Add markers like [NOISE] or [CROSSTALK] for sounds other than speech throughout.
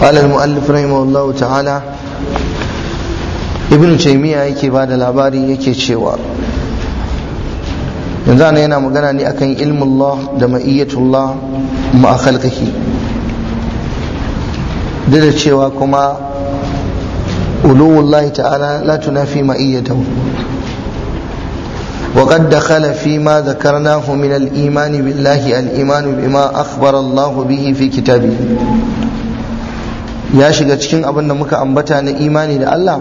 قال المؤلف رحمه الله تعالى ibn taymiya yake ba da labari yake cewa yanzu ana yana magana ne akan ilmullah da ma'iyyatullah ma'a khalqihi duk da cewa kuma uluwullah ta'ala la tunafi ma'iyyatahu وقد دخل فيما ذكرناه من الإيمان بالله الإيمان بما أخبر الله به في كتابه ya shiga cikin abin da muka ambata na imani da Allah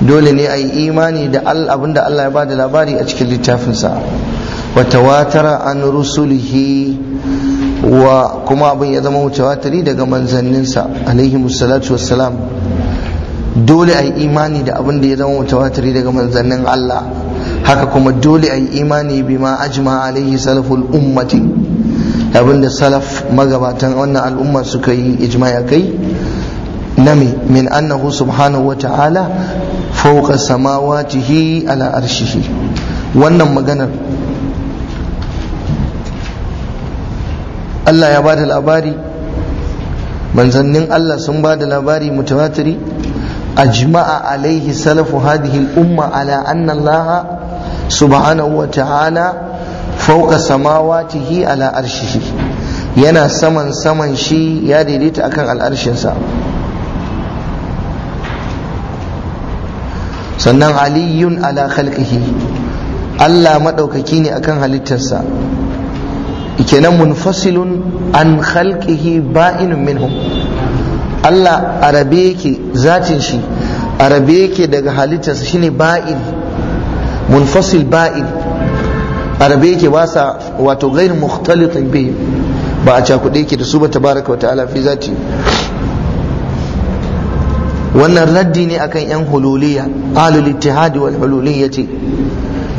dole ne a yi imani da abin da Allah ya ba da labari a cikin littafinsa wa tawatara an rusulihi wa kuma abin ya zama watari daga manzanninsa alaihi musallatu wassalam dole a yi imani da abin da ya zama watari daga manzannin Allah haka kuma dole a yi imani bima ajma alaihi salaful ummati abin da salaf magabatan wannan al'umma suka yi ijma'i kai nami min annahu subhanahu wata'ala fauka samawatihi ala arshihi wannan maganar Allah ya bada labari manzannin Allah sun bada labari mutawatiri ajma'a alaihi salafu hadhihi umma ala anna Allah subhanahu wata'ala fauka samawatihi ala arshihi yana saman saman shi ya daidaita akan al'arshinsa sannan aliyun ala khalqihi Allah maɗaukaki ne akan halittarsa ikenan munfasilun an khalqihi ba'inun minhum Allah arabe yake zatin shi arabe yake daga halittarsa shine ba'in munfasil ba'in arabe yake wasa wato ghairu mukhtalitin bihim ba a cakuɗe yake da su ba tabaraka wa ta'ala fi zati wannan raddi ne akan yan hululiya alul ittihadi wal ce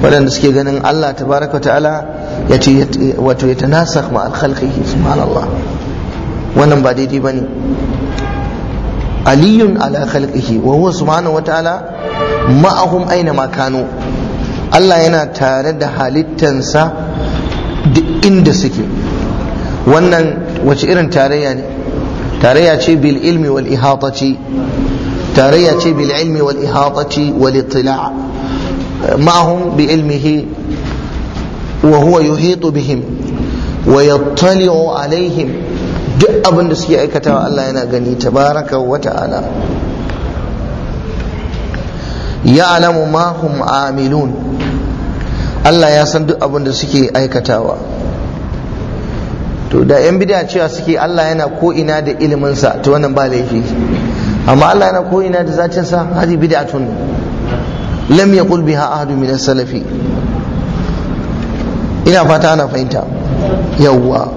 waɗanda suke ganin Allah tabaraka ta'ala ya ce wato ya tanasakh ma al-khalqihi subhanallah wannan ba daidai bane aliyun ala khalqihi wa huwa subhanahu wa ta'ala ma'ahum aina ma kanu Allah yana tare da halittansa duk inda suke wannan wace irin tarayya ne tarayya ce bil ilmi wal ihatati tarayya ce bil ilmi wal ihatati wal ittila' ma'ahum bi ilmihi wa huwa yuhitu bihim wa yattali'u alaihim duk abin da suke aikatawa Allah yana gani tabaraka wa ta'ala ya'lamu ma hum amilun Allah ya san duk abin da suke aikatawa to da yan bidiya cewa suke Allah yana ko ina da ilimin sa to wannan ba laifi amma Allah yana ko ina da zatin sa hadi bid'atun lam yaqul biha ahadun min as-salafi ina fata ana fahimta yawwa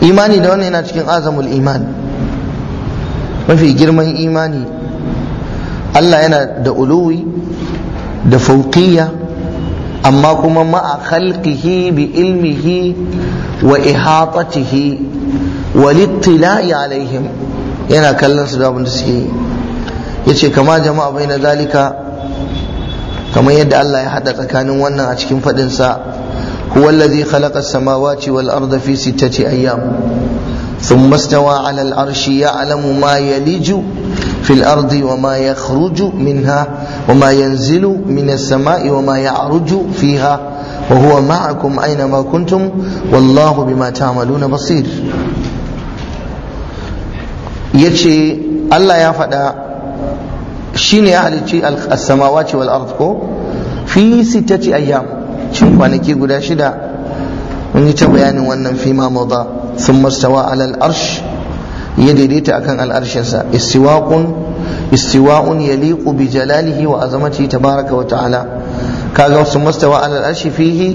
imani da wannan yana cikin azamul iman mafi girman imani Allah yana da uluwi da fauqiyya amma kuma ma'a khalqihi bi ilmihi wa ihatatihi wa littila'i alaihim yana kallon su da abin da suke yi yace kama jama'a bai na zalika kamar yadda Allah ya hada tsakanin wannan a cikin fadin sa huwa allazi khalaqa as-samawati wal arda fi sittati ayyam thumma istawa 'ala al-arshi ya'lamu ma yaliju fil ardi wa ma yakhruju minha wa ma yanzilu minas samai wa ma ya'ruju fiha wa huwa ma'akum aina makuntun kuntum wallahu bima ta'maluna basir yace Allah ya fada shine ya halicci as-samawati wal ard ko fi sittati ayyam cikin kwanaki guda shida mun yi ta bayanin wannan fi ma mawda thumma stawa 'ala al-arsh ya daidaita akan al'arshinsa istiwaqun istiwa'un yaliqu bi jalalihi wa azamatihi tabaraka wa ta'ala kaga wasu mustawa ala al'arshi fihi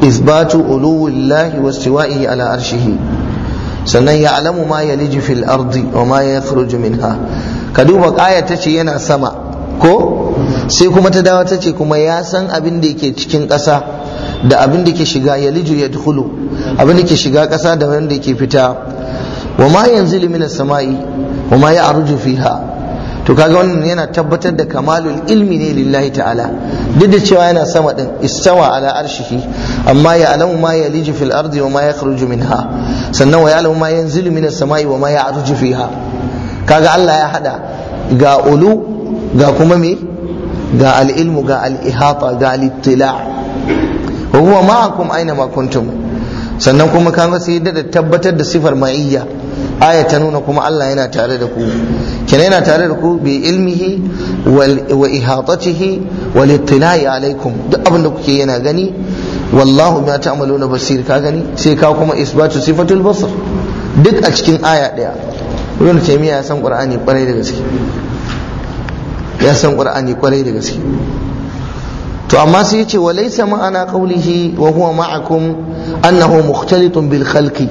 isbatu uluwillahi wa istiwa'ihi ala arshihi sannan ya alamu ma yaliju fil ardi wa ma yakhruju minha ka duba aya tace yana sama ko sai kuma ta dawo tace kuma ya san abin da yake cikin ƙasa da abin da ke shiga yaliju ya dukulu abin da ke shiga ƙasa da wanda ke fita wa ma yanzilu minas sama'i wa ma ya'ruju fiha to kaga wannan yana tabbatar da kamalul ilmi ne lillahi ta'ala duk da cewa yana sama din istawa ala arshihi amma ya alamu ma yaliju fil ardi wa ma yakhruju minha sannan wa ya alamu ma yanzilu minas samai wa ma ya'ruju fiha kaga Allah ya hada ga ulu ga kuma me ga al-ilmu ga al-ihata ga al-ittila wa huwa ma'akum aina ma kuntum sannan kuma kaga sai da tabbatar da sifar ma'iyya aya ta nuna kuma Allah yana tare da ku kina yana tare da ku bi ilmihi wa ihatatihi wa litilai alaikum duk abin da kuke yana gani wallahu ma ta'maluna basir ka gani sai ka kuma isbatu sifatul basr duk a cikin aya daya wannan taymiya ya san qur'ani kwarai da gaske ya san qur'ani kwarai da gaske to amma sai yace walaysa ma'ana qawlihi wa huwa ma'akum annahu mukhtalitun bil khalqi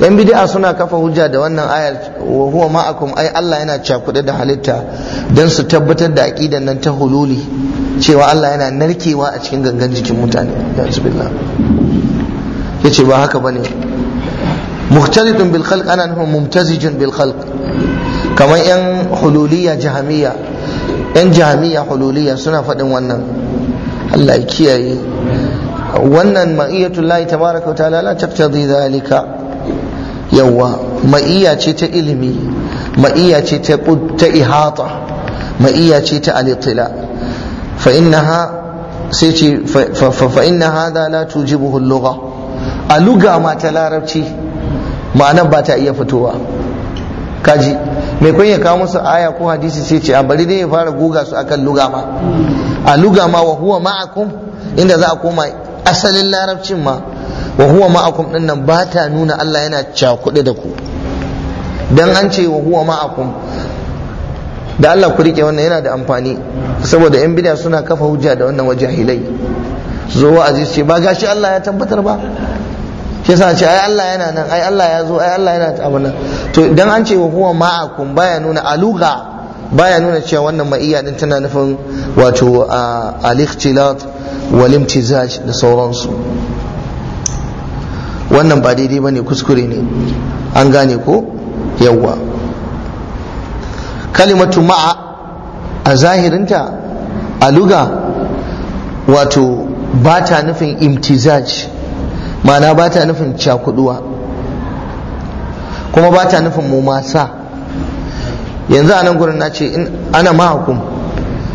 yan bid'a suna kafa hujja da wannan ayar wa huwa ma'akum ai Allah yana cakuɗe da halitta don su tabbatar da aƙidan nan ta hululi cewa Allah yana narkewa a cikin gangan jikin mutane ya ce ba haka bane muhtaridun bil khalq ana nufin mumtazijun bil khalq kamar yan hululiya yan hululiya suna faɗin wannan Allah ya kiyaye wannan ma'iyatul lahi tabaraka wa ta'ala la taqtadi dhalika yawa ma'iya ce ta ilimi ma'iya ce ta ihata ma'iya ce ta alitila fa sai ce hada la tujibuhu a luga ma ta larabci ma'ana ba ta iya fitowa kaji mai kun ya kawo musu aya ko hadisi sai ce a bari dai ya fara guga su akan luga ma a luga ma wa huwa ma'akum inda za a koma asalin larabcin ma wa huwa ma'akum din nan ba ta nuna Allah yana cakuɗe da ku dan an ce wa huwa ma'akum da Allah ku rike wannan yana da amfani saboda yan bid'a suna kafa hujja da wannan wajahilai zo aziz ce ba gashi Allah ya tabbatar ba ke yasa ce ai Allah yana nan ai Allah ya zo ai Allah yana abana to dan an ce wa huwa ma'akum baya nuna aluga baya nuna cewa wannan ma'iyya din tana nufin wato al-ikhtilat wal imtizaj da sauransu wannan ba daidai ba ne kuskure ne an gane ko yawwa kalimatu ma'a a zahirinta a luga wato ba ta nufin imtizaj ma'ana ba ta nufin cakuduwa kuma ba ta nufin mumasa yanzu a nan gurin na ce ana mahakum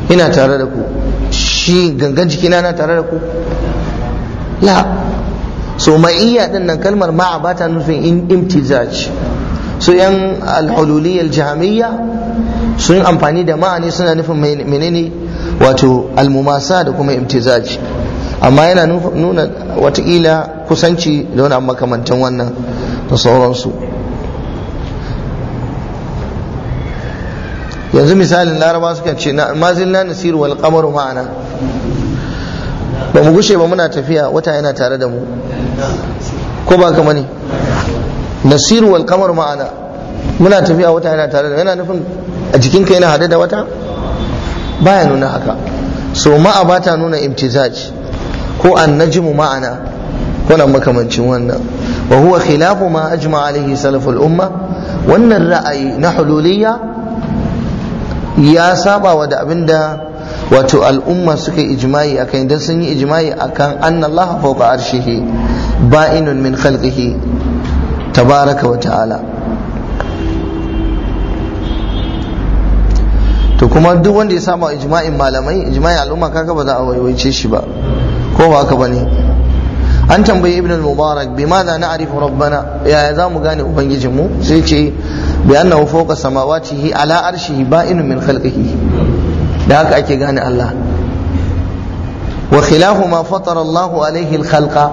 ina tare da ku shi gangan jikina na tare da ku la so ma'iyya din nan kalmar ma'a ba ta nufin in imtizaj so yan alhululiyar jahamiyya sun amfani da ma'ani suna nufin menene wato almumasa da kuma imtizaj amma yana nuna watakila kusanci da wani makamantan wannan da sauransu yanzu misalin laraba suka ce na mazin na nasiru wal qamaru ma'ana ba mu gushe ba muna tafiya wata yana tare da mu ko ba kama ne nasiru wal kamar ma'ana muna tafiya wata yana tare da yana nufin a jikin jikinka yana hade da wata baya nuna haka so ma'a ba ta nuna imtizaj ko an najmu ma'ana wannan makamancin wannan wa huwa khilafu ma ajma alaihi salaful umma wannan ra'ayi na hululiyya ya saba wa da abinda wato al'umma suka a kan idan sun yi a kan an Allah fawqa arshihi ba'inun min khalqihi tabaraka wa ta'ala to kuma duk wanda ya samu ijma'in malamai ijma'in al'umma kaga ba za a waiwaice shi ba ko ba haka bane an tambayi ibn al-mubarak bi madha na'rifu rabbana ya za mu gane ubangijin mu sai ce bi annahu fawqa samawatihi ala arshihi ba'inun min khalqihi da haka ake gane Allah wa khilahu ma fatara Allah alaihi al-khalqa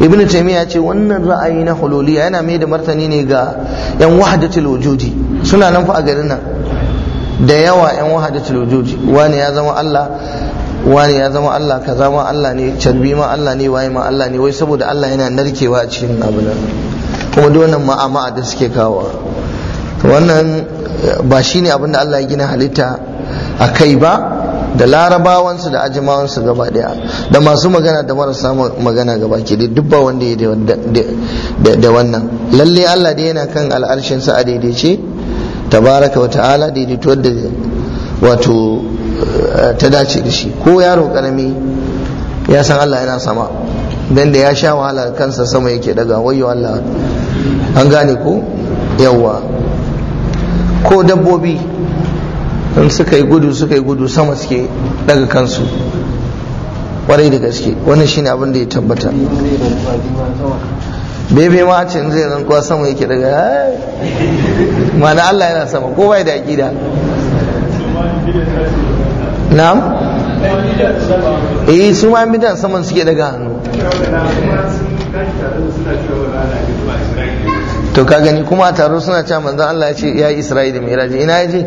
ibnu taymiya ce wannan ra'ayi na hululiya yana mai da martani ne ga yan wahdatul wujudi suna nan fa a garin nan da yawa yan wahdatul wujudi wani ya zama Allah wani ya zama Allah kaza ma Allah ne carbi ma Allah ne waye ma Allah ne wai saboda Allah yana narkewa a cikin abu nan kuma duk wannan ma'ama da suke kawo wannan ba shine abin da Allah ya gina halitta a kai ba da larabawansu da ajimawansu gaba daya da masu magana da marasa magana gaba ke duk ba wanda ya da wannan lalle Allah da yana kan al'arshin sa a daidaice tabaraka wa ta'ala daidaito da wato eh, ta dace da shi ko yaro karami ya san Allah yana sama dan da ya sha wahala kansa sama yake daga wayo Allah an gane ko yawwa ko dabbobi in suka yi gudu suka yi gudu sama suke daga kansu kwarai da gaske wannan shine abin da ya tabbata bebe ma ce in zai rantsuwa sama yake daga mana Allah yana sama ko bai da aqida na'am eh su ma bidan saman suke daga hannu to ka gani kuma a taro suna cewa manzon Allah ya ce ya Isra'ila mai raji ina ya je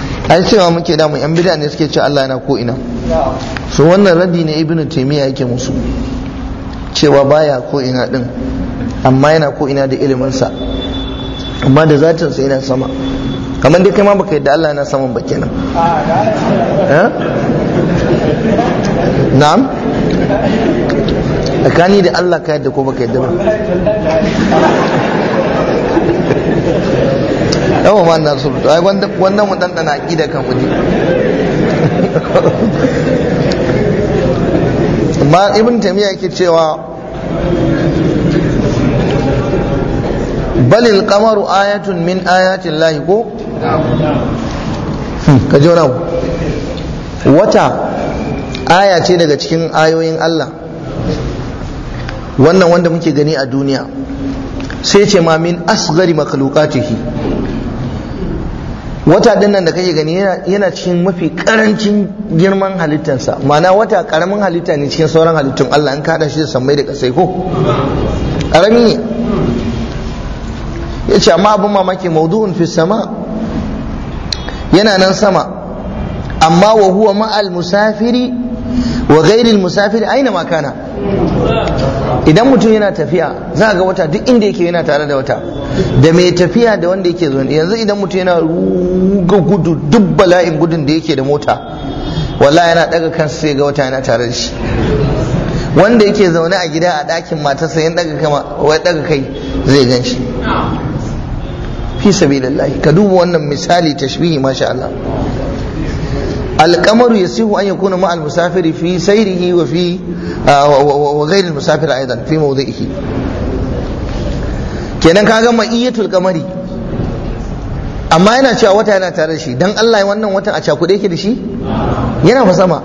ai cewa muke damu yan bid'a ne suke cewa Allah yana ko ina so wannan raddi ne ibnu taymiya yake musu cewa baya ko ina din amma yana ko ina da ilimin sa amma da zatin sa yana sama kamar dai kai ma baka yadda Allah yana saman ba kenan eh? na'am tsakani da Allah ka yadda ko baka yadda ba yawa ma na sulhu ai wannan mu dan dana aqida kan mu ma ibn tamiya yake cewa balil qamaru ayatun min ayati lahi ko hmm, ka ji wani wata aya ce daga cikin ayoyin Allah wannan wanda muke gani a duniya sai ce ma min asghari makhluqatihi wata din nan da kake gani yana cikin mafi karancin girman halittarsa ma'ana wata karamin halitta ne cikin sauran halittun Allah in kada shi da sammai da kasai ko karami ne ya ce amma abin mamaki maudu'un fi sama yana nan sama amma wa huwa ma'al musafiri wa gairil musafiri aina makana idan mutum yana tafiya za ga wata duk inda yake yana tare da wata da mai tafiya da wanda yake zaune yanzu idan mutum yana ruga gudu duk bala'in gudun da yake da mota wallahi yana daga kansa sai ga wata yana tare da shi wanda yake zaune a gida a dakin matarsa yan daga kama wai daga kai zai gan shi fi sabilillahi ka duba wannan misali tashbihi masha Allah القمر يصح أن يكون wa fi في سيره وفي وغير المسافر أيضا في موضعه kenan ka ga ma'iyatul kamari amma yana cewa wata yana tare da shi dan Allah wannan watan a cakuɗe yake da shi yana fa sama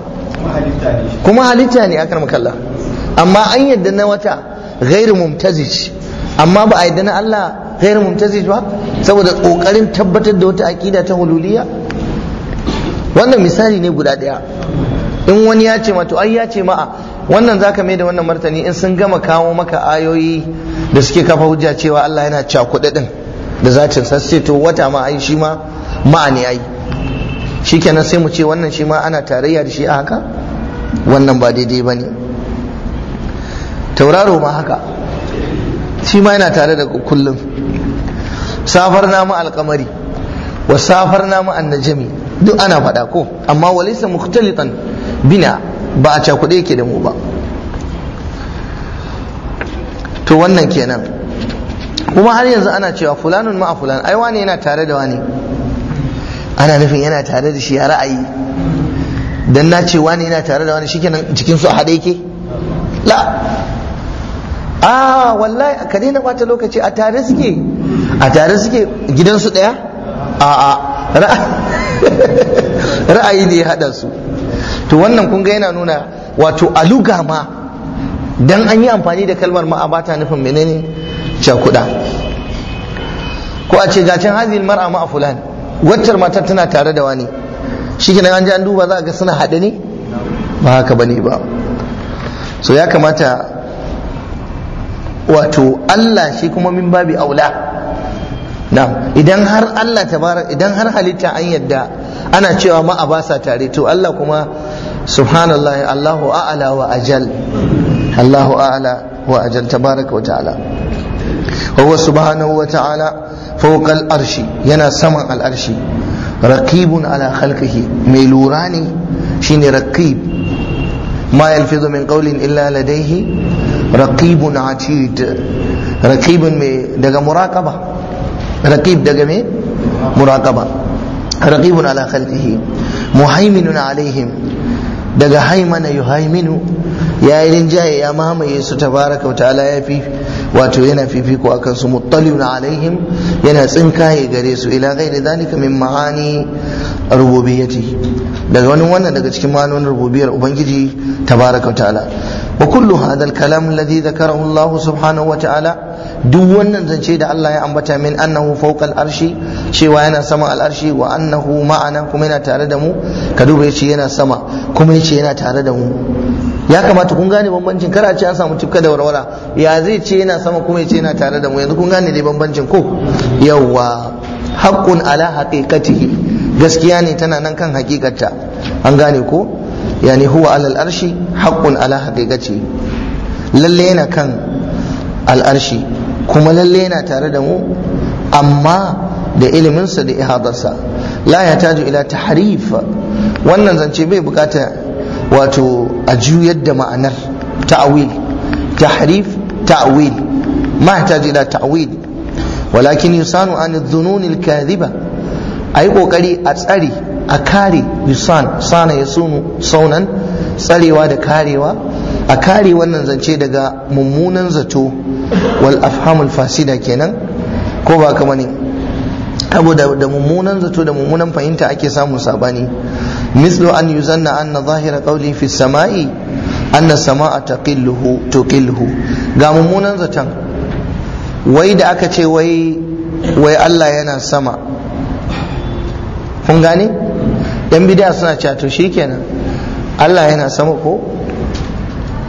kuma halitta ne akan makalla amma an yadda na wata ghairu mumtazij amma ba a yadda na Allah ghairu mumtazij ba saboda kokarin tabbatar da wata aqida ta hululiya wannan misali ne guda daya in wani ya ce ma to ai ya ce ma wannan zaka mai da wannan martani in sun gama kawo maka ayoyi da suke kafa hujja cewa Allah yana cakuɗe din da zatin sasse to wata ma ai shi ma ma'ani ai shikenan sai mu ce wannan shi ma ana tarayya da shi a haka wannan ba daidai bane tauraro ma haka shi ma yana tare da kullum safar namu alkamari wa safar namu annajami duk ana faɗa ko amma walaysa mukhtalitan bina ba a cakuɗe yake da mu ba to wannan kenan kuma har yanzu ana cewa fulanun ma'a fulan ai wani yana tare da wani, ana nufin yana tare da shi a ra'ayi dan na ce wani yana tare da wani shikenan cikin su a haɗe yake la a wallahi ka daina bata lokaci a tare suke a tare suke gidansu ɗaya a a [LAUGHS] ra'ayi ne ya haɗa su to wannan kun ga yana nuna wato aluga ma dan an yi amfani da kalmar ma ba ta nufin menene cakuda ko a ce gacin hazil mar'a ma'a fulan waccar matar tana tare da wani shikenan an ji an duba za a ga suna haɗe ne ba haka ba ne ba so ya kamata wato Allah shi kuma min babi aula na idan har Allah idan har halitta an yadda ana cewa ma a ba sa tare to Allah kuma subhanallah Allahu a'ala wa ajal Allahu a'ala wa ajal tabaraka wa ta'ala wa huwa subhanahu wa ta'ala fawqa al-arshi yana saman al-arshi raqibun ala khalqihi mai lura ne shine raqib ma yalfizu min qawlin illa ladayhi raqibun atid raqibun mai daga muraqaba raqib daga me muraqaba raqibun ala khalqihi muhaiminun alaihim daga haimana yuhaiminu ya yi rinjaye ya mamaye su tabaraka ta'ala ya fi wato yana fifiko akan su muttaliyun alaihim yana tsinkaye gare su ila ghairi zalika min ma'ani rububiyyati daga wani wannan daga cikin ma'anonin rububiyar ubangiji tabaraka ta'ala wa kullu hadha al-kalam alladhi dhakarahu Allah wa ta'ala duk wannan zance da Allah ya ambata min annahu fawqal arshi cewa yana sama al'arshi wa annahu ma'ana kuma yana tare da mu ka duba yace yana sama kuma yace yana tare da mu ya kamata kun gane bambancin kar a ce an samu tufka da warwara ya zai ce yana sama kuma yace yana tare da mu yanzu kun gane dai bambancin ko yawa haqqun ala haqiqatihi gaskiya ne tana nan kan hakikarta an gane ko yani huwa alal arshi haqqun ala haqiqati lalle yana kan al'arshi kuma lalle yana tare da mu amma da iliminsa da ihadarsa la ya taju ila tahrif wannan zance bai bukata wato a juyar da ma'anar ta'awil tahrif ta'awil ma ya taju ila ta'awil walakin yusanu an dhunun al-kadhiba ai kokari a tsare a kare yusan sana yasunu saunan tsarewa da karewa a kare wannan zance daga mummunan zato wal afhamul fasida kenan ko ba kama ne abu da mummunan zato da mummunan fahimta ake samun sabani mislu an yuzanna anna zahira qawli fi samai anna samaa taqilluhu tuqilluhu ga mummunan zaton wai da aka ce wai wai Allah yana sama kun gane yan bid'a suna cewa to shikenan Allah yana sama ko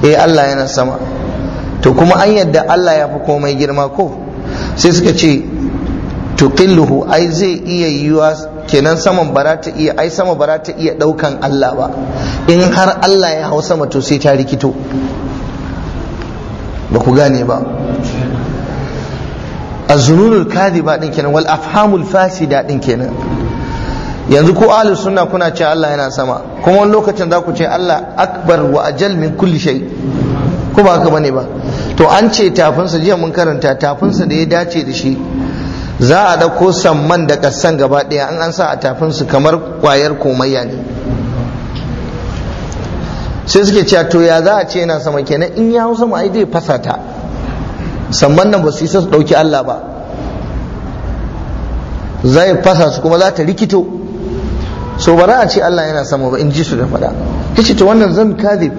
eh Allah yana sama to kuma an yadda Allah ya fi komai girma ko sai suka ce tuqilluhu ai zai iya yiwa kenan saman bara iya ai sama bara ta iya daukan Allah ba in har Allah ya hau sama to sai ta rikito ba ku gane ba azununul kadhiba din kenan wal afhamul fasida din kenan yanzu ko ahlus sunna kuna ce Allah yana sama kuma wani lokacin za ku ce Allah akbar wa ajal min kulli shay' ko ba haka bane ba to an ce tafinsa jiya mun karanta tafinsa da ya dace da shi za a ɗauko samman da ƙasan gaba ɗaya an an sa a tafinsu kamar ƙwayar komayya ne sai suke cewa to ya za a ce yana sama kenan in ya hausa ai zai fasa ta samman nan ba su sa su ɗauki Allah ba zai fasa su kuma za ta rikito so bara a ce Allah yana sama ba in ji su da faɗa ta ce to wannan zan kadib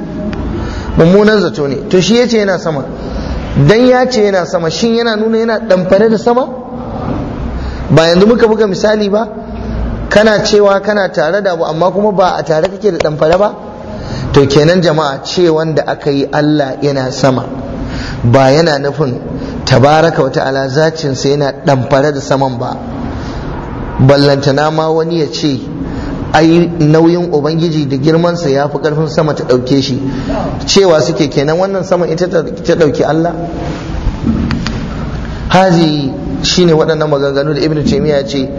mummunan zato ne to shi yace yana sama dan ya ce yana sama shin yana nuna yana damfare da sama ba yanzu muka buga misali ba kana cewa kana tare da abu amma kuma ba a tare kake da damfare ba to kenan jama'a ce wanda aka yi Allah yana sama ba yana nufin tabaraka wa ta'ala zacinsa yana damfare da saman ba ballantana ma wani ya ce ai nauyin ubangiji da girmansa ya fi karfin sama ta ɗauke shi cewa suke kenan wannan sama ita ta ɗauki Allah haji shine waɗannan maganganu da ibnu taymiya ya ce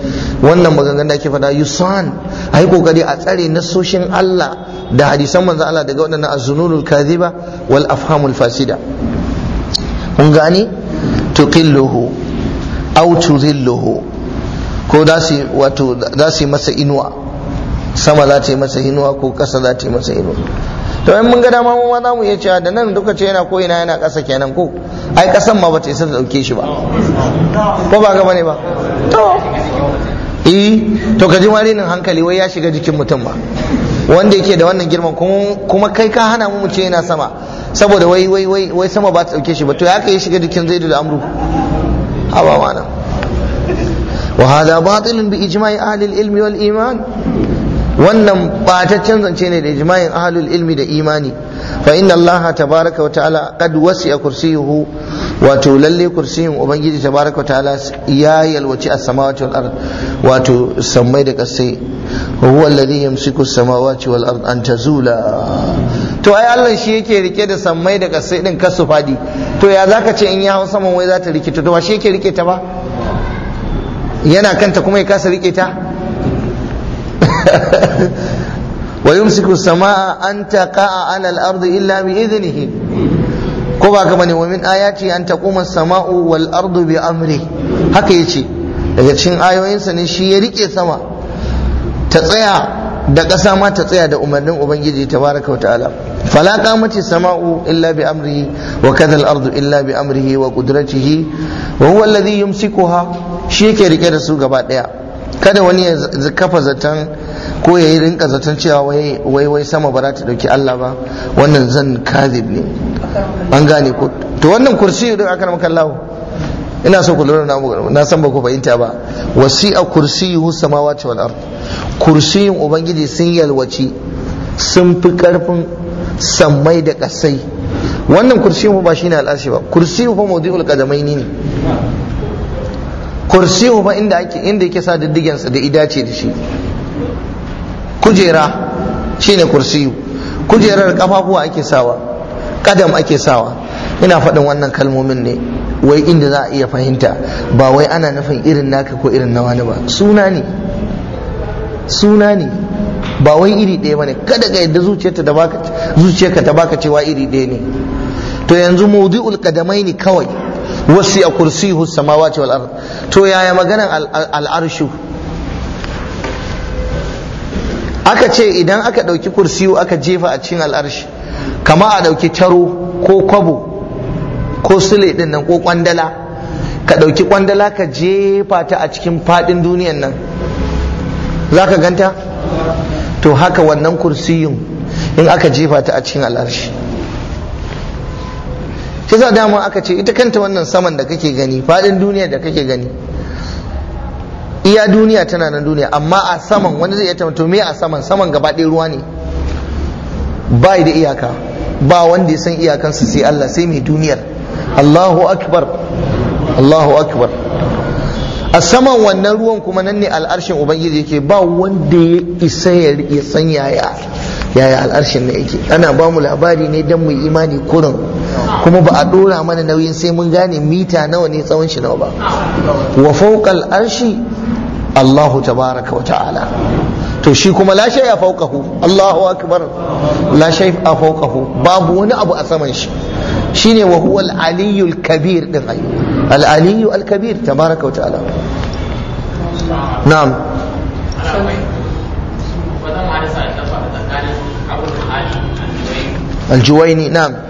wannan maganganu da ake fada yusan ai kokari a tsare nasoshin Allah da hadisan manzon Allah daga waɗannan az-zununul kadhiba wal afhamul fasida kun gane tuqilluhu aw tuzilluhu ko da su wato da su masa inuwa sama za ta yi masa hinuwa ko ƙasa za ta yi masa inuwa to in mun ga dama mu za mu iya cewa da nan duka ce yana ko ina yana ƙasa kenan ko ai ƙasan ma bata isa ta ɗauke shi ba ko ba gaba ne ba to eh to ka ji marinin hankali wai ya shiga jikin mutum ba wanda yake da wannan girman kuma kai ka hana mu ce yana sama saboda wai wai wai wai sama ba ta ɗauke shi ba to ya ka yi shiga jikin zaidu da amru haba mana وهذا باطل بإجماع أهل العلم والإيمان wannan bataccen zance ne da ijma'in ahlul ilmi da imani fa inna allaha tabaraka wa ta'ala qad wasi'a kursiyuhu wato lalle kursiyin ubangiji tabaraka wa ta'ala ya yalwaci as-samawati wal ard wato sammai da kasai huwa alladhi yamsiku as-samawati wal ard an tazula to ai Allah shi yake rike da sammai da kasai din kasu fadi to ya zaka ce in ya hau saman wai za ta rike to ba shi yake rike ta ba yana kanta kuma ya kasa rike ta wa yumsiku samaa an taqa'a 'ala al-ardi illa bi idnihi ko ba ka bane wa min ayati an taquma samau wal ardu bi amri haka yace daga cikin ayoyinsa ne shi ya rike sama ta tsaya da ƙasa ma ta tsaya da umarnin ubangiji ta tabaraka wata'ala fala qamati sama'u illa bi amrihi wa kadha al illa bi amrihi wa qudratihi wa huwa alladhi yumsikuha shi yake rike da su gaba ɗaya. kada wani ya kafa zaton ko ya yi rinka zaton cewa wai wai sama ba za ta dauki Allah ba wannan zan kazib ne an gane ko to wannan kursi da aka maka Allah ina so ku lura na san ba ku fahimta ba wasi'a kursiyuhu samawati wal ard kursiyin ubangiji sun yalwaci sun fi karfin sammai da kasai wannan kursiyin ba shine al'ashi ba kursiyin fa mawdi'ul qadamaini ne kursiyu ba inda ake inda yake sa diddigen sa da idace da shi kujera shine kursiyu kujerar kafafuwa ake sawa kadam ake sawa ina faɗin wannan kalmomin ne wai inda za a iya fahimta ba wai ana nufin irin naka ko irin na wani ba suna ne suna ne ba wai iri ɗaya ba ne kada ka yadda zuciyarka ta baka cewa iri ɗaya ne to yanzu maudu'ul kadamai ne kawai wasi a kursiyu samawati wal ard to yaya maganan al'arshu aka ce idan aka ɗauki kursiyu aka jefa a cikin al'arshi kama a ɗauki taro ko kwabo ko sule ɗinnan nan ko kwandala ka ɗauki kwandala ka jefa ta a cikin faɗin duniyan nan za ka ganta to haka wannan kursiyun in aka jefa ta a cikin al'arshi shi za dama aka ce ita kanta wannan saman da kake gani faɗin duniya da kake gani iya duniya tana nan duniya amma a saman wanda zai iya to me a saman saman gaba ɗaya ruwa ne ba da iyaka ba wanda ya san iyakansa sai Allah sai mai duniyar Allahu akbar Allahu akbar a saman wannan ruwan kuma nan ne al'arshin ubangiji yake ba wanda ya isa ya san yaya yaya al'arshin na yake ana ba mu labari ne don mu imani kurin kuma ba a dora mana nauyin sai mun gane mita nawa ne tsawon shi nawa ba wa fawqal arshi Allahu tabaraka wa ta'ala to shi kuma la shay'a fawqahu Allahu akbar la shay'a fawqahu babu wani abu a saman shi shine wa huwa al-aliyyul kabir din ayu al-aliyyu al-kabir tabaraka wa ta'ala na'am الجويني نعم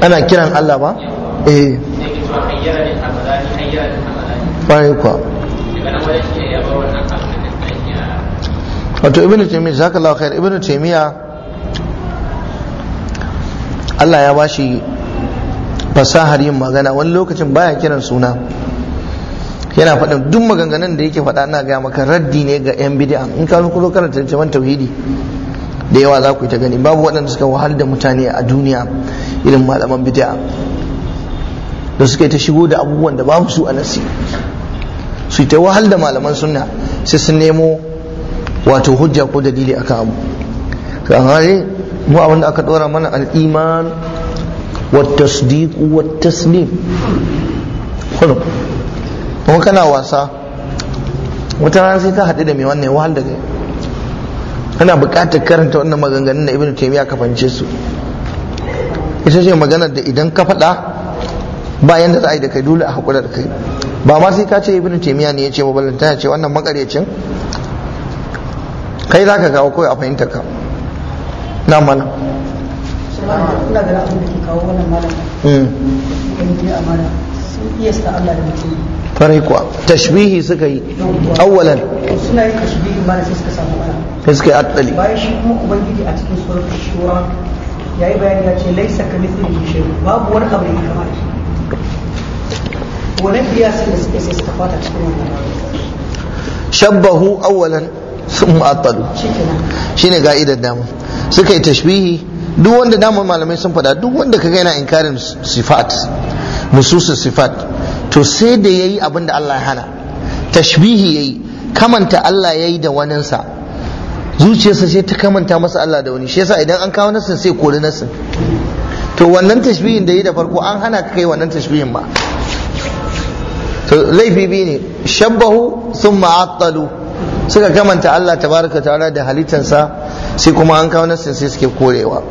ana kiran Allah ba eh bayan kuwa wato ibnu taymiya jazakallahu khair ibnu taimiyya. Allah ya bashi fasahar yin magana wani lokacin baya kiran suna yana faɗin duk maganganun da yake faɗa na gaya maka raddi ne ga 'yan bidi'an in ka zo karanta littafin tauhidi da yawa za ku yi ta gani babu waɗanda suka wahal da mutane a duniya irin malaman bid'a da suka yi ta shigo da abubuwan da babu su a nasi su yi ta wahal da malaman sunna sai sun nemo wato hujja ko dalili akan abu kamar mu abin da aka ɗora mana al-iman wa wata wa taslim kuma kana wasa wata rana sai ka haɗu da mai wannan wahal da kai kana buƙatar karanta wannan maganganun na Ibn taymiya ka fahimce su ita ce maganar da idan ka faɗa ba yanda za a yi da kai dole a haƙura da kai ba ma sai ka ce Ibn taymiya ne ya ce mabalanta ya ce wannan makarecin kai za ka kawo kawai a fahimta ka na mana da hmm. ke kawo wannan Allah da mutum farai kuwa tashbihi suka yi awwalan suna yin tashbihi ma sai suka samu ana sai atsali bayan shi kuma ubangiji a cikin surar shura ya yi bayani ya ce laisa ka mithlihi shay babu wani abu da ya kama shi wannan kiyasin da suke sai suka fata cikin wannan shabbahu awwalan sun shi ne ga'idar damu suka yi tashbihi duk wanda damar malamai sun faɗa duk wanda kaga yana inkarin sifat nususun sifat to sai da ya yi abin da Allah ya hana tashbihi ya yi, kamanta Allah ya yi da waninsa zuciyarsa sai ta kamanta masa Allah da wani shi yasa idan an kawo nasin sai kori nasin to wannan tashbihin da yi da farko an hana ka kai wannan tashbihin ba to laifi biyu ne shabbahu sun ma'attalu suka kamanta Allah tabaraka ta'ala da halittansa sai kuma an kawo nasin sai suke korewa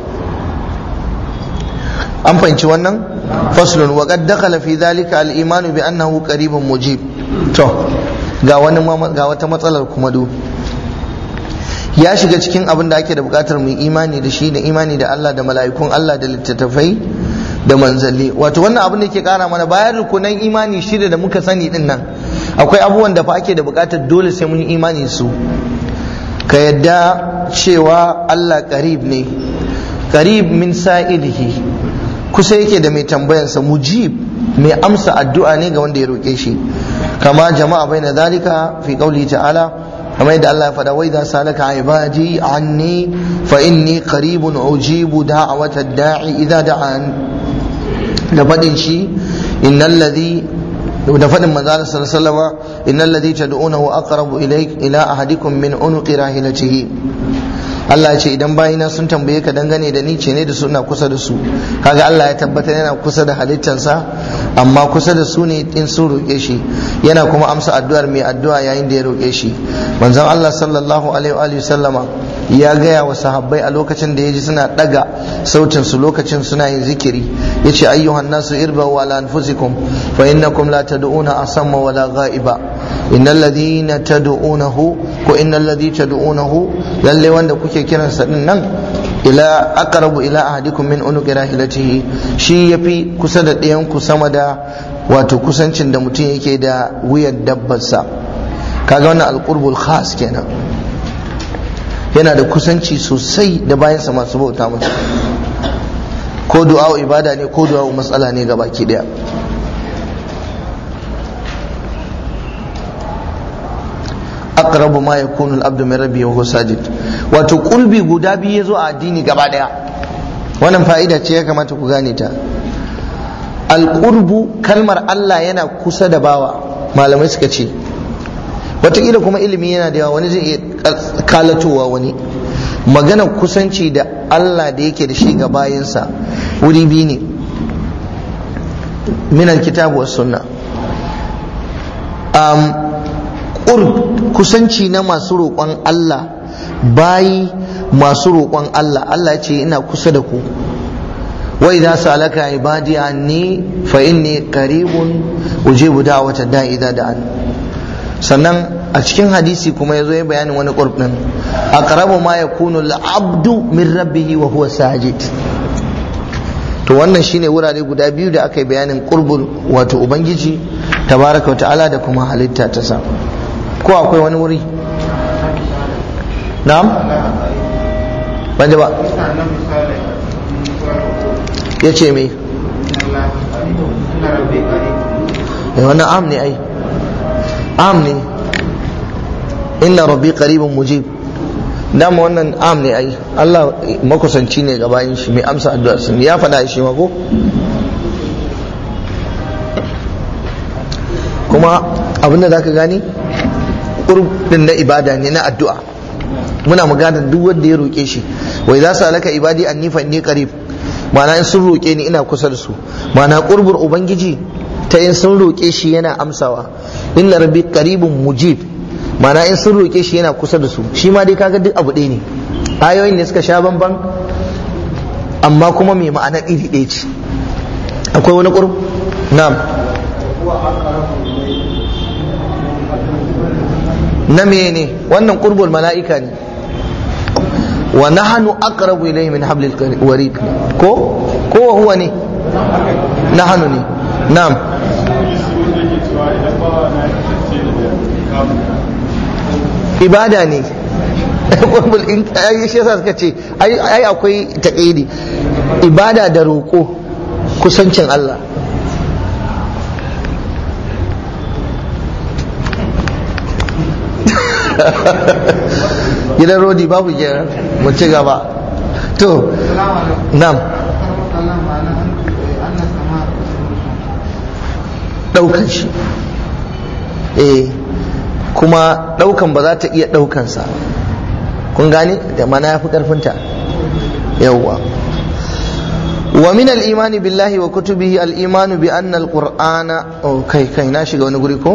an fahimci wannan faslun wa qad dakhala fi dhalika al bi annahu qaribun mujib to ga ga wata matsalar kuma du ya shiga cikin abin da ake da bukatar mu imani da shi da imani da Allah da mala'ikun Allah da littattafai da manzali wato wannan abin da ke kara mana bayan rukunan imani shida da muka sani din nan akwai abubuwan da fa ake da bukatar dole sai mun imani su ka yadda cewa Allah qarib ne qarib min sa'ilihi kusa yake da mai sa mujib mai amsa addu'a ne ga wanda ya roke shi kama jama'a baina zalika fi qauli ta'ala kamar yadda Allah ya faɗa wai da salaka ibadi anni fa inni qaribun ujibu da'wata da'i idza da'an da faɗin shi innal ladhi da faɗin manzo sallallahu alaihi wasallam innal ladhi tad'unahu aqrabu ilayk ila ahadikum min unqi rahilatihi Allah ya ce idan bayina sun tambaye ka dangane da ni ce ne da su kusa da su kaga Allah ya tabbatar yana kusa da halittarsa amma kusa da su ne in sun roƙe shi yana kuma amsa addu'ar mai addu'a yayin da ya roƙe shi manzon Allah sallallahu alaihi wa sallama ya gaya wa sahabbai a lokacin da ya ji suna daga sautin su lokacin suna yin zikiri yace ayyuhan nasu irba'u ala anfusikum fa innakum la tad'una asamma wala ghaiba innal ladina tad'unahu ko innal ladhi tad'unahu lalle wanda kuke ake kiransa din nan ila aqrabu ila ahadikum min unuqi rahilatihi shi yafi kusa da ɗayan ku sama da wato kusancin da mutum yake da wuyar dabbarsa kaga wannan alqurbul khas kenan yana da kusanci sosai da bayan sa masu bauta masa ko du'a ibada ne ko du'a matsala ne gabaki daya aqrabu ma yakunu al-abdu min rabbi wa huwa sajid wato kulbi guda biyu yazo a addini gaba daya wannan fa'ida ce ya kamata ku gane ta al-qurbu kalmar Allah yana kusa da bawa malamai suka ce wataƙila kuma ilimi yana da yawa wani zai iya kalatowa wani magana kusanci da Allah da yake da shi ga bayansa wuri biyu ne min al-kitab was ƙurb kusanci na masu roƙon Allah bayi masu roƙon Allah Allah ce ina kusa da ku wa idza salaka ibadi anni fa inni qaribun ujibu da'wata da'i idza da'an sannan a cikin hadisi kuma ya zo ya bayanin wani qurb a aqrabu ma yakunu al-abdu min yi wa huwa sajid to wannan shine wurare guda biyu da aka yi bayanin qurbul wato ubangiji tabaraka wa da kuma halitta ta sa ko akwai wani wuri na'am ban ba ya ce me eh, wannan am ne ai am ne inna rabbi qaribun mujib dama wannan am ne ai Allah makusanci ne ga bayan shi mai amsa addu'a sun ya fada shi mako ko kuma abinda zaka gani qurb na ibada ne na addu'a muna magana duk wanda ya roke shi wai za su alaka ibadi anni fa inni qarib ma'ana in sun roke ni ina kusa da su ma'ana qurbur ubangiji ta in sun roke shi yana amsawa inna rabbi qaribun mujib ma'ana in sun roke shi yana kusa da su shi ma dai kaga duk abu ɗaya ne ayoyin ne suka sha bamban amma kuma mai ma'ana iri ɗaya ce akwai wani ƙurb na'am na mene wannan qurbul mala'ika ne wa nahnu aqrabu ilayhi min hablil warid ko ko huwa ne nahnu ne na'am ibada ne [LAUGHS] qurbul in ayi shi yasa suka ce ai akwai taqidi ibada da roko kusancin Allah [LAUGHS] gidan rodi babu gyara mu ci gaba to nam ɗaukan shi eh kuma ɗaukan ba za ta iya ɗaukansa kun gane da mana ya fi ƙarfinta yawwa wa min al-imani billahi wa kutubihi al-imanu bi anna al oh, na shiga wani guri ko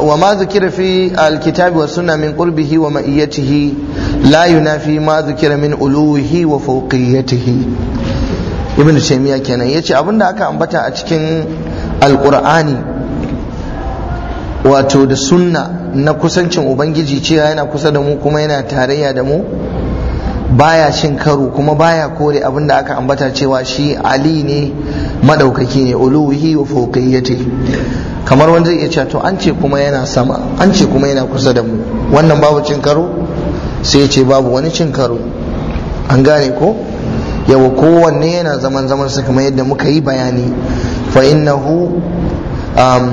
وما ذكر في الكتاب والسنة من قربه ومئيته لا ينافي ما ذكر من ألوه وفوقيته ibn taymiya kenan yace da aka ambata a cikin alqur'ani wato da sunna na kusancin ubangiji cewa yana kusa da mu kuma yana tarayya da mu baya cin karo kuma baya kore abin da aka ambata cewa shi ali ne maɗaukaki ne uluhi wa fawqiyati kamar wanda zai iya cewa to an ce kuma yana sama an ce kuma yana kusa da mu wannan babu cin karo sai ya ce babu wani cin karo an gane ko yawa kowanne yana zaman zaman sa kamar yadda muka yi bayani fa innahu um,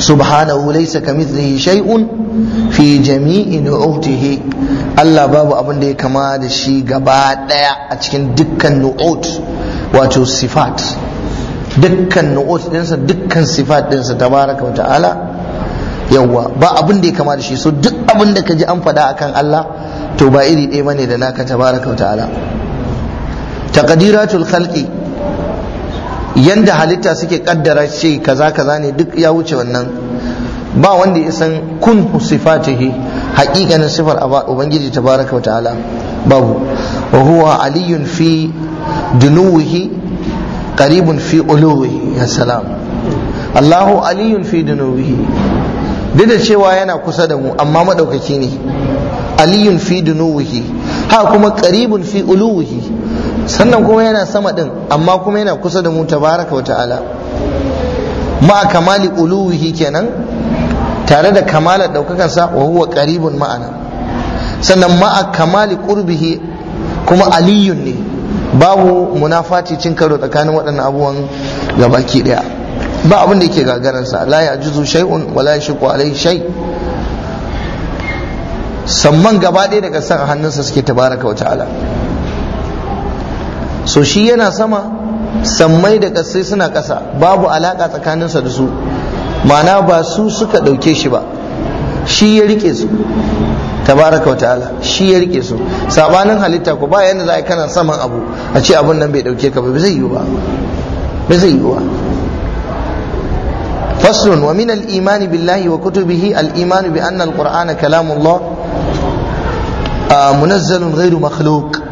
subhanahu laysa kamithlihi shay'un fi jami'i nu'utihi Allah babu abin da ya kama da shi gaba daya a cikin dukkan nu'ut wato sifat dukkan nu'ut dinsa dukkan sifat dinsa tabaraka wa ta'ala yawwa ba abin da ya kama da shi so duk abin da ka ji an faɗa akan Allah to ba iri ɗaya bane da naka tabaraka wa ta'ala taqdiratul khalqi yanda halitta suke kaddara ce kaza kaza ne duk ya wuce wannan ba wanda ya san kun sifatihi haƙiƙanin sifar ubangiji tabaraka wa ta'ala babu wa huwa aliyun fi dunuwihi qaribun fi uluwihi ya salam Allahu aliyun fi dunuwihi duk da cewa yana kusa da mu amma madaukaki ne aliyun fi dunuwihi ha kuma qaribun fi uluwihi sannan kuma yana sama din amma kuma yana kusa da mu tabaraka wa ta'ala ma kamali uluwihi kenan tare da daukakan sa wa huwa qaribun ma'ana sannan ma kamali qurbihi kuma aliyun ne babu munafati cin karo tsakanin waɗannan abubuwan gabaki daya ba abin da yake sa, la ya'juzu shay'un wa la yashqu alayhi shay' samman gaba ɗaya daga san hannunsa suke tabaraka wa ta'ala so shi yana sama sammai da ƙasai suna ƙasa babu alaƙa tsakaninsa da su mana ba su suka ɗauke shi ba shi ya rike su tabaraka wa shi ya rike su sabanin halitta ko ba yadda za a kana saman abu a ce abun nan bai ɗauke ka ba zai yi ba ba zai yi ba faslun wa min al-imani billahi wa kutubihi al imani bi anna al-qur'ana kalamullah munazzalun ghairu makhluq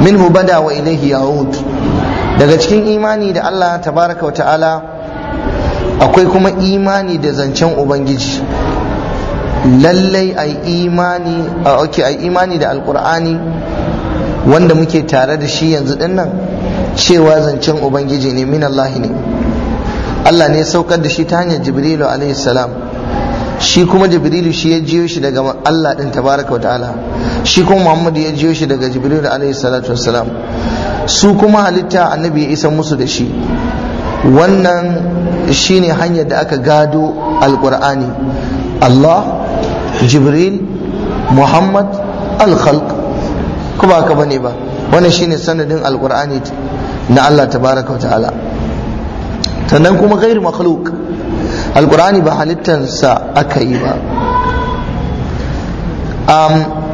minhu bada wa ilaihi yaud daga cikin imani da Allah tabaraka wa ta'ala akwai kuma imani da zancen ubangiji lallai ai imani a oke ai imani da alkur'ani wanda muke tare da shi yanzu din nan cewa zancen ubangiji ne min Allah ne Allah ne saukar da shi ta hanyar jibrilu alaihi salam shi kuma jibrilu shi ya jiyo shi daga Allah din tabaraka ta'ala shi kuma Muhammad ya jiyo shi daga jibrilu alaihi salatu wassalam su kuma halitta annabi ya isa musu da shi wannan shine hanyar da aka gado alqur'ani Allah jibril Muhammad al-khalq ba ka bane ba wannan shine sanadin alqur'ani na Allah tabaraka ta'ala sannan kuma ghairu makhluq alkur'ani ba halittarsa aka yi ba um,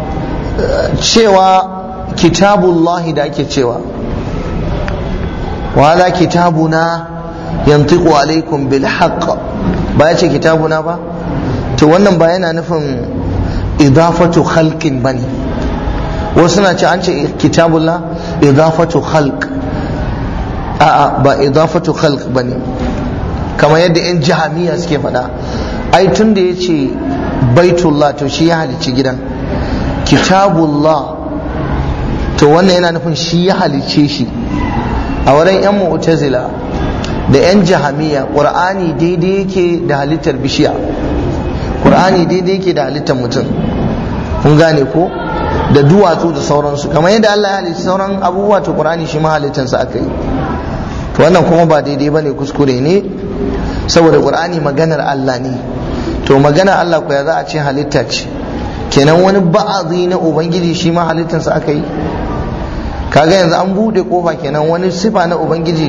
cewa kitabullahi da ake cewa wa kitabuna yantiqu alaikum bil ba ya ce kitabuna ba to wannan ba yana nufin idafatu ba ne, wasu na ce an ce kitabullah idafatu halk, a'a ba idafatu ba ne. kamar yadda 'yan jahamiya suke faɗa ai tun da ya ce baitullah to shi ya halicci gidan kitabullah to wannan yana nufin shi ya halicce shi a wurin 'yan mu'tazila da 'yan jihamiya ƙur'ani daidai yake da halittar bishiya ƙur'ani daidai yake da halittar mutum kun gane ko da duwatsu da sauransu kamar yadda Allah ya halitta sauran abubuwa to Qur'ani shi ma halittansa aka yi to wannan kuma ba daidai bane kuskure ne saboda qur'ani maganar Allah ne to magana Allah ku ya za a ce halitta ce kenan wani ba'azi na ubangiji shi ma sa aka yi kaga yanzu an bude kofa kenan wani sifa na ubangiji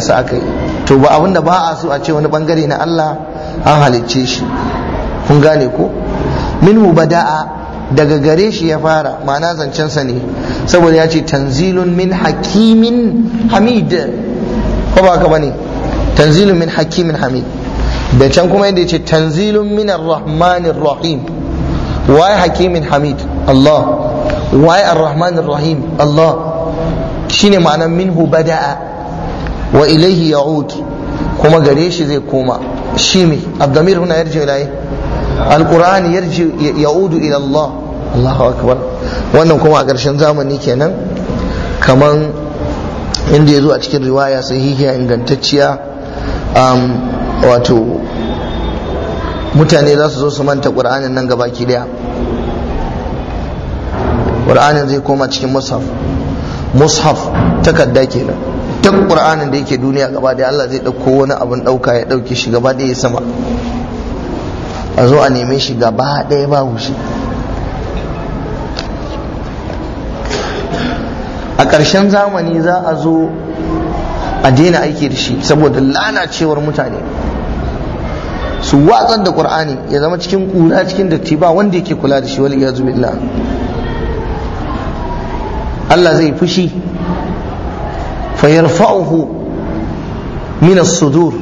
sa aka yi to ba abinda ba a so a ce wani bangare na Allah an halicce shi kun gane ko minhu bada'a daga gare shi ya fara ma'ana zancen sa ne saboda ya ce tanzilun min hakimin hamid ko ba ka bane tanzilun min hakimin hamid da can kuma yadda yace tanzilun min rahmanir rahim waye hakimin hamid Allah waye ar-rahmanir rahim Allah shine ma'anar minhu bada'a wa ilaihi ya'ud kuma gare shi zai koma shi me abdamir huna yarji ilahi alqur'ani yarji ya'udu ila Allah Allahu akbar wannan kuma a ƙarshen zamani kenan kaman inda ya zo a cikin riwaya sahihiya ingantacciya wato mutane za su zo su manta ƙur'anin nan gaba ke daya ƙur'anin zai koma cikin mushaf mushaf takarda kenan duk ƙur'anin da yake duniya gaba daya Allah zai ɗauko wani abin ɗauka ya ɗauki shi gaba daya sama a zo a neme shi gaba ɗaya ba shi a ƙarshen zamani za a zo a daina aiki da shi saboda lalacewar mutane su watsar da ƙur'ani ya zama cikin ƙuna cikin datti ba wanda yake kula da shi ya iyazu illa. Allah zai fushi fa yarfa'uhu min sudur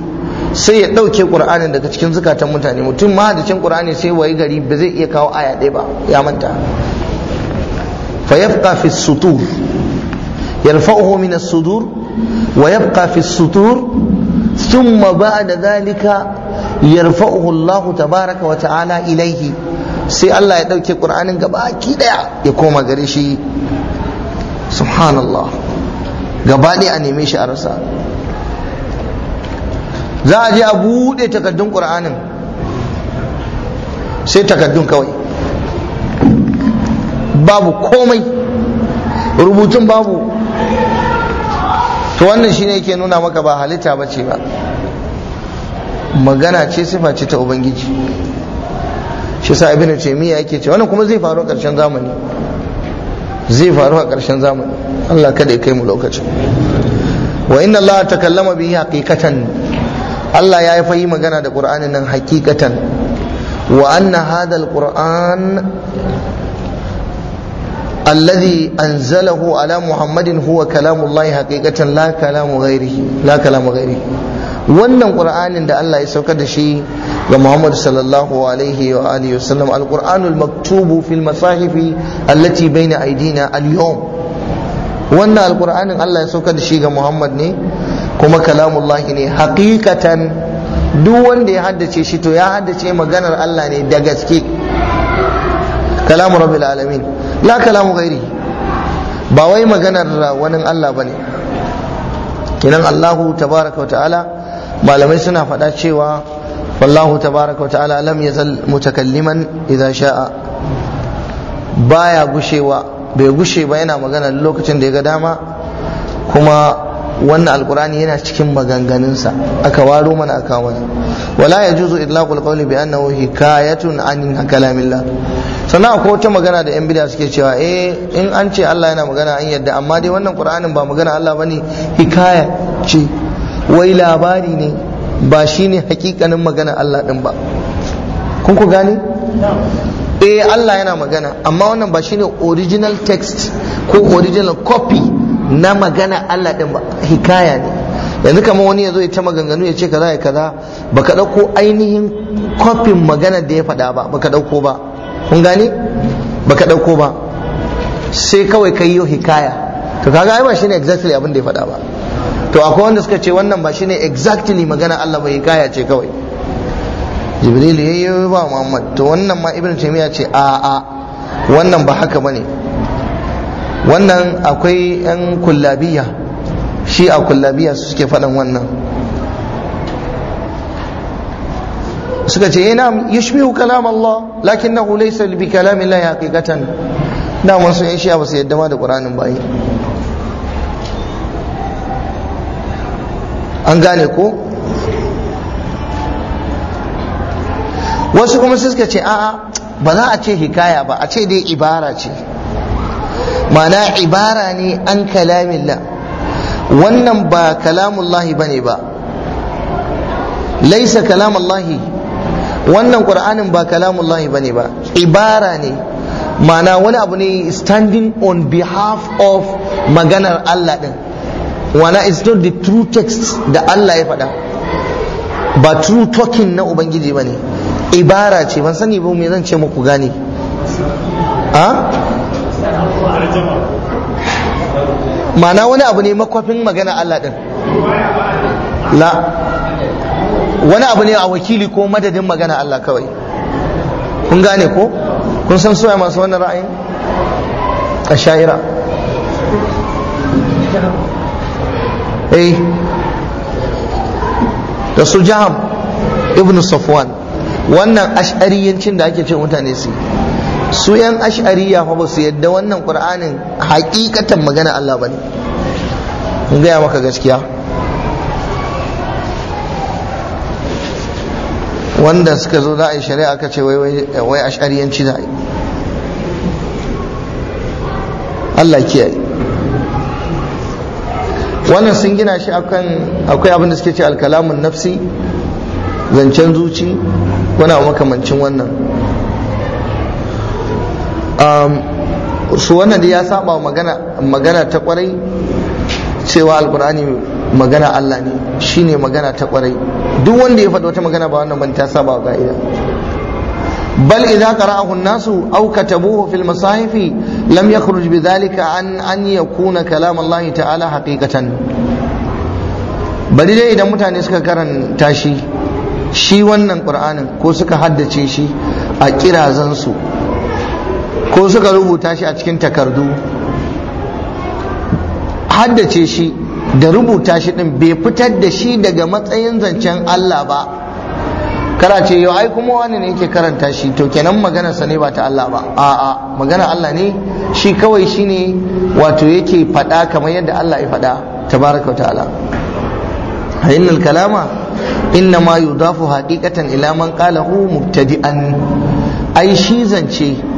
sai ya ɗauke ƙur'anin daga cikin zukatan mutane mutum ma da cin ƙur'ani sai wayi gari ba zai iya kawo aya ɗaya ba ya manta fa fi sutur yarfa'uhu min sudur ويبقى في السطور ثم بعد ذلك يرفعه الله تبارك وتعالى إليه sai Allah ya ɗauke ƙur'anin gabaki ɗaya ya koma gare shi subhanallah gaba ɗaya a neme shi a rasa za a je a buɗe takaddun ƙur'anin takaddun kawai babu komai rubutun babu to wannan shine yake nuna maka ba halitta ba ce ba magana ce sifa ce ta ubangiji shi sa ibnu taymiya yake ce wannan kuma zai faru a ƙarshen zamani zai faru a ƙarshen zamani Allah kada ya kai mu lokacin wa inna Allah kallama bihi haqiqatan Allah ya yi magana da Qur'anin nan haqiqatan wa anna hadha al-Qur'an الذي أنزله على محمد هو كلام الله حقيقة لا كلام غيره لا كلام غيره wannan qur'anin da Allah ya saukar da shi ga Muhammad sallallahu alaihi wa alihi wasallam alqur'anul maktubu fil masahifi allati baina aydina alyawm wannan alqur'anin Allah ya saukar da shi ga Muhammad ne kuma kalamullah ne haqiqatan duk wanda ya haddace shi to ya haddace maganar Allah ne da gaske kalamu rabbil alamin la kalamu gairi ba wai maganar wani Allah bane kinan Allahu tabaraka ta'ala malamai suna faɗa cewa wallahu tabaraka ta'ala lam yazal mutakalliman idza sha'a baya gushewa bai gushe ba yana magana lokacin da ya ga dama kuma wannan alkurani yana cikin maganganunsa aka waro mana aka wani wala yajuzu idlaqul qawli bi annahu hikayatun an kalamillah sannan akwai wata magana da yan bid'a suke cewa eh in an ce Allah yana magana an yadda amma dai wannan qur'anin ba magana Allah bane hikaya ce wai labari ne ba shine hakikanin magana Allah din ba kun ku gane eh Allah yana magana amma wannan ba shine original text ko original copy na magana Allah din hikaya ne yanzu kamar wani ya zo ya ta maganganu ya ce kaza ya kaza baka ɗauko ainihin kwafin magana da ya faɗa ba baka ɗauko ba kun gane baka ɗauko ba sai kawai kai yi hikaya to kaga ai ba shine exactly abin da ya faɗa ba to akwai wanda suka ce wannan ba shine exactly magana Allah ba hikaya ce kawai jibril yayi ba muhammad to wannan ma ibnu taymiya ce a a wannan ba haka bane wannan akwai 'yan kullabiya shi a kullabiya suke faɗan wannan suka ce ina eh, yushbihu kalam Allah hulai laysa kalamin kalami Allah haqiqatan na wasu yan shi ba su yadda ma da ƙuranin ba an gane ko wasu kuma suka ce a'a ba za a ce hikaya ba a ce dai ibara ce ma'ana ibara ne an la wannan ba kalamun bane ba laisa kalamun lahi wannan qur'anin ba kalamun bane ba ibara ne ma'ana wani abu ne standing on behalf of maganar Allah din wana is not the true text da Allah ya faɗa ba true talking na ubangiji bane ibara ce ban sani ba mai zan ce muku gane a ah? ma'ana wani abu ne makwafin magana Allah din la wani abu ne a wakili ko madadin magana Allah kawai kun gane ko kun san suwaye masu wannan ra'ayin a sha'ira eh da su jaham ibn safwan wannan ash'ariyancin da ake ce mutane su su yan ash'ariya fa ba su yadda wannan qur'anin hakikatan magana Allah bane in gaya maka gaskiya wanda suka zo za a yi shari'a aka ce wai ash'ariyanci za a yi Allah kiyaye wannan sun gina shi akan akwai abin da suke ce alkalamun nafsi zancen zuci wani makamancin wannan Um, su wannan ya saba magana ta kwarai cewa alkur'ani magana Allah ne shine magana ta kwarai duk wanda ya faɗi wata magana ba wannan ban ta saba wa ka'ida bal idza qara'ahu an-nasu aw katabuhu fil masahif lam yakhruj bidhalika an an yakuna kalam Allah ta'ala haqiqatan bari dai idan mutane suka karanta shi shi wannan qur'anin ko suka haddace shi a kirazansu su ko suka rubuta shi a cikin takardu haddace shi da rubuta shi din bai fitar da shi daga matsayin zancen Allah ba kara ce yau ai kuma wani ne yake karanta shi to kenan magana sa ne ba ta Allah ba a'a maganar Allah ne shi kawai shi ne wato yake faɗa kamar yadda Allah ya faɗa tabaraka ta'ala innal kalama inna ma yudafu haqiqatan ila man qalahu mubtadi'an ai shi zance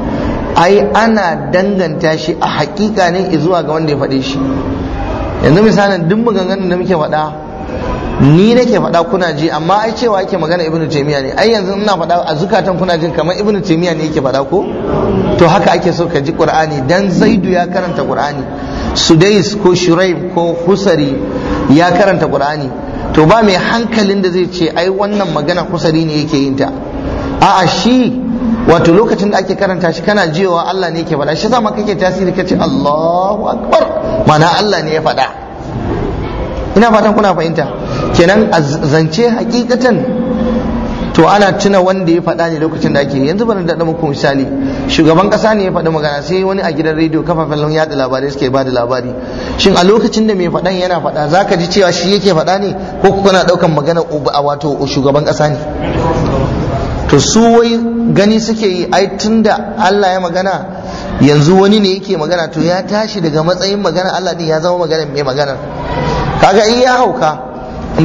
ai ana danganta shi a hakika ne zuwa ga wanda ya faɗi shi yanzu misalin duk maganganun da muke faɗa ni nake faɗa kuna ji amma ai cewa ake magana ibnu taymiya ne ai yanzu ina faɗa a zukatan kuna jin kamar ibnu taymiya ne yake faɗa ko to haka ake so ka ji qur'ani dan zaidu ya karanta qur'ani sudais ko shuraib ko husari ya karanta qur'ani to ba mai hankalin da zai ce ai wannan magana husari ne yake yin ta a'a shi wato lokacin da ake karanta shi kana jiyowa Allah ne ke faɗa shi sa kake tasiri kace Allahu akbar mana Allah ne ya faɗa ina fatan kuna fahimta kenan a zance hakikatan to ana tuna wanda ya faɗa ne lokacin da ake yanzu bari da muku misali shugaban ƙasa ne ya faɗi magana sai wani a gidan rediyo kafafen yaɗa labarai suke ba da labari shin a lokacin da mai faɗan yana faɗa zaka ji cewa shi yake faɗa ne ko kuna ɗaukan magana a wato shugaban ƙasa ne to su wai gani suke yi ai tunda Allah ya magana yanzu wani ne yake magana to ya tashi daga matsayin magana Allah din ya zama magana mai magana kaga in ya hauka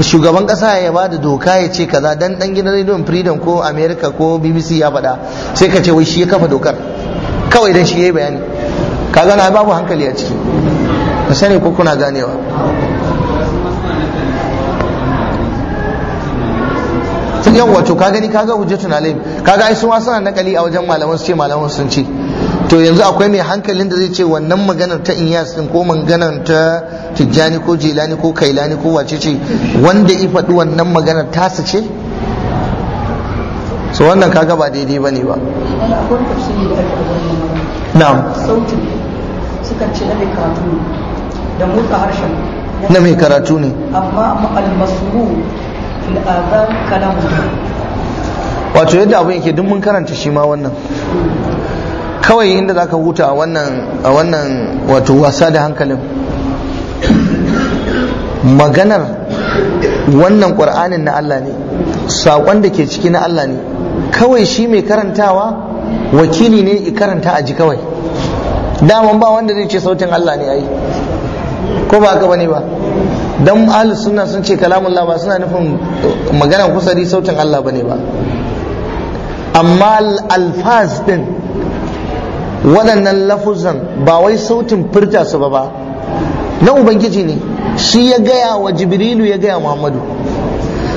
shugaban kasa ya ba da doka ya ce kaza dan dan gidan rediyon freedom ko america ko bbc ya faɗa sai ka ce wai shi ya kafa dokar kawai dan shi yayi bayani kaga na babu hankali a ciki ka sani ko kuna ganewa yawa to ka gani ga hujjatun alayhim kaga ai su wasu suna nakali a wajen malaman su ce malaman sun ce to yanzu akwai mai hankalin da zai ce wannan maganar ta inyas din ko maganar ta tijjani ko jilani ko kailani ko wace ce wanda i faɗi wannan maganar su ce so wannan kaga ba daidai ne ba na'am sautin sukan ce na mai karatu da motsa harshen na mai karatu ne amma ma'al masu wato yadda abin yake duk mun karanta shi ma wannan kawai inda za ka huta a wannan wato wasa da hankalin maganar wannan ƙur'anin na Allah ne saƙon da ke ciki na Allah ne kawai shi mai karantawa wakili ne i karanta a ji kawai daman ba wanda zai ce sautin Allah ne ai ko ba haka bane ba dan ahli sunna sun ce kalamun ba suna nufin magana kusari sautin Allah bane ba amma alfaz din waɗannan lafuzan ba wai sautin furta su ba ba na ubangiji ne shi ya gaya wa jibrilu ya gaya muhammadu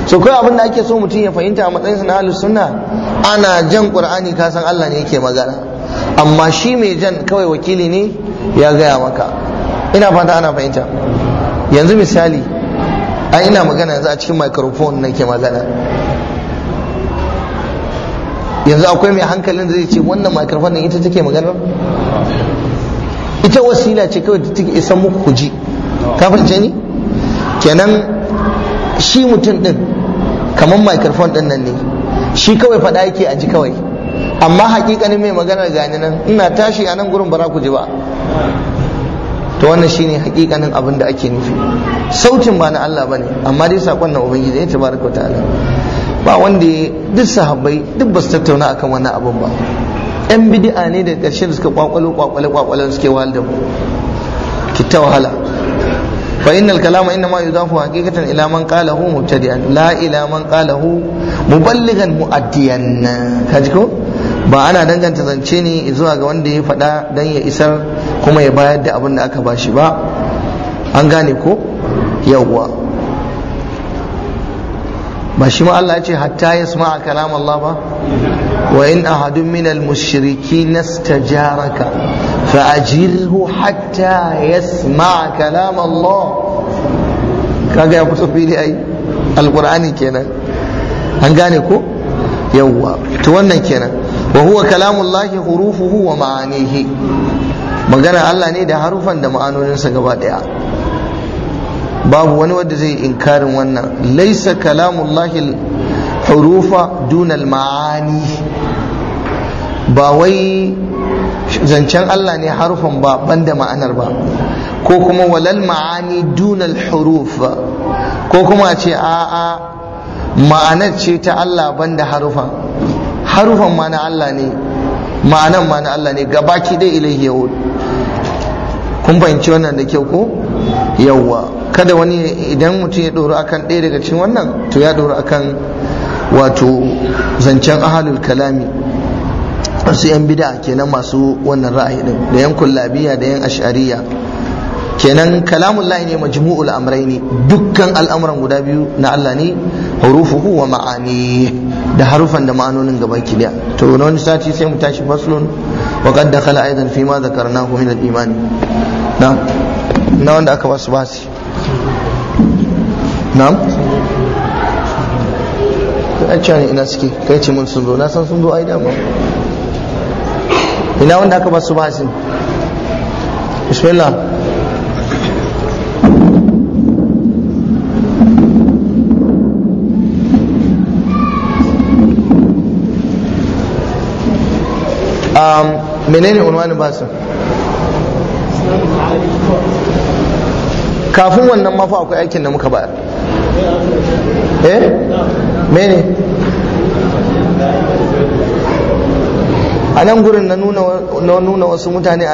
so kai abin da ake so mutum ya fahimta a matsayinsa na ahlus sunna ana jan qur'ani kasan Allah ne yake magana amma shi mai jan kawai wakili ne ya gaya maka ina fata ana fahimta yanzu misali an ina magana yanzu a cikin microphone nake magana yanzu akwai mai hankalin da zai ce wannan microphone ita take magana ita wasila ce kawai da take isan muku ku ji ka fahimce ni kenan shi mutum din kamar microphone din nan ne shi kawai faɗa yake a ji kawai amma hakikanin mai magana gani nan ina tashi a nan gurin ba ku ji ba to wannan shine hakikanin abin da ake nufi sautin ba na Allah bane amma dai sakon na ubangiji ne tabaraka ta'ala ba wanda duk sahabbai duk basu tattauna akan wannan abin ba yan bid'a ne da karshe suka kwakwalo kwakwale kwakwale suke wahal da mu ki ta wahala fa innal kalama inma yudafu haqiqatan ila man qalahu mubtadi'an la ila man qalahu muballighan mu'addiyan kaji ko ba ana danganta zance ne zuwa ga wanda ya faɗa don ya isar kuma ya bayar da abin da aka bashi ba an gane ko yawwa ba shi ma Allah ya ce hatta ya suma a kalam Allah ba wa in ahadun min al-mushriki nastajaraka fa ajirhu hatta a kalam Allah kaga ya kusa fili ai alqur'ani kenan an gane ko yawwa to wannan kenan wa huwa kalamullahi hurufu huwa ma'anihi magana Allah ne da harufan da ma'anoninsa gaba daya babu wani wanda zai karin wannan laisa kalamullahi hurufa dunal ma'ani ba wai zancen Allah ne harufan ba banda ma'anar ba ko kuma walal ma'ani dunal huruf ko kuma a ce a'a ma'anar ce ta Allah banda harufan harufan ma na Allah ne ma'anan ma na Allah ne gabaki dai ilaihi yahud kun fahimci wannan da kyau ko yawwa kada wani idan mutum ya doro akan ɗaya daga cikin wannan to ya doro akan wato zancen ahalul kalami wasu yan bida kenan masu wannan ra'ayi din da yan kullabiya da yan ash'ariya kenan kalamullahi ne majmu'ul amraini dukkan al'amuran guda biyu na Allah ne hurufuhu wa ma'ani da harufan da ma'anonin gaba ki daya to na wani sati sai mu tashi faslun wa qad dakhala aidan fi ma dhakarnahu min al-iman na na wanda aka basu basi na'am ce ne ina suke kai ce mun sun zo na san sun zo ai dama ina wanda aka basu basin bismillah Um, menene unwanin basu kafin wannan mafa akwai aikin da muka ba eh mene a nan gurin na nuna wasu mutane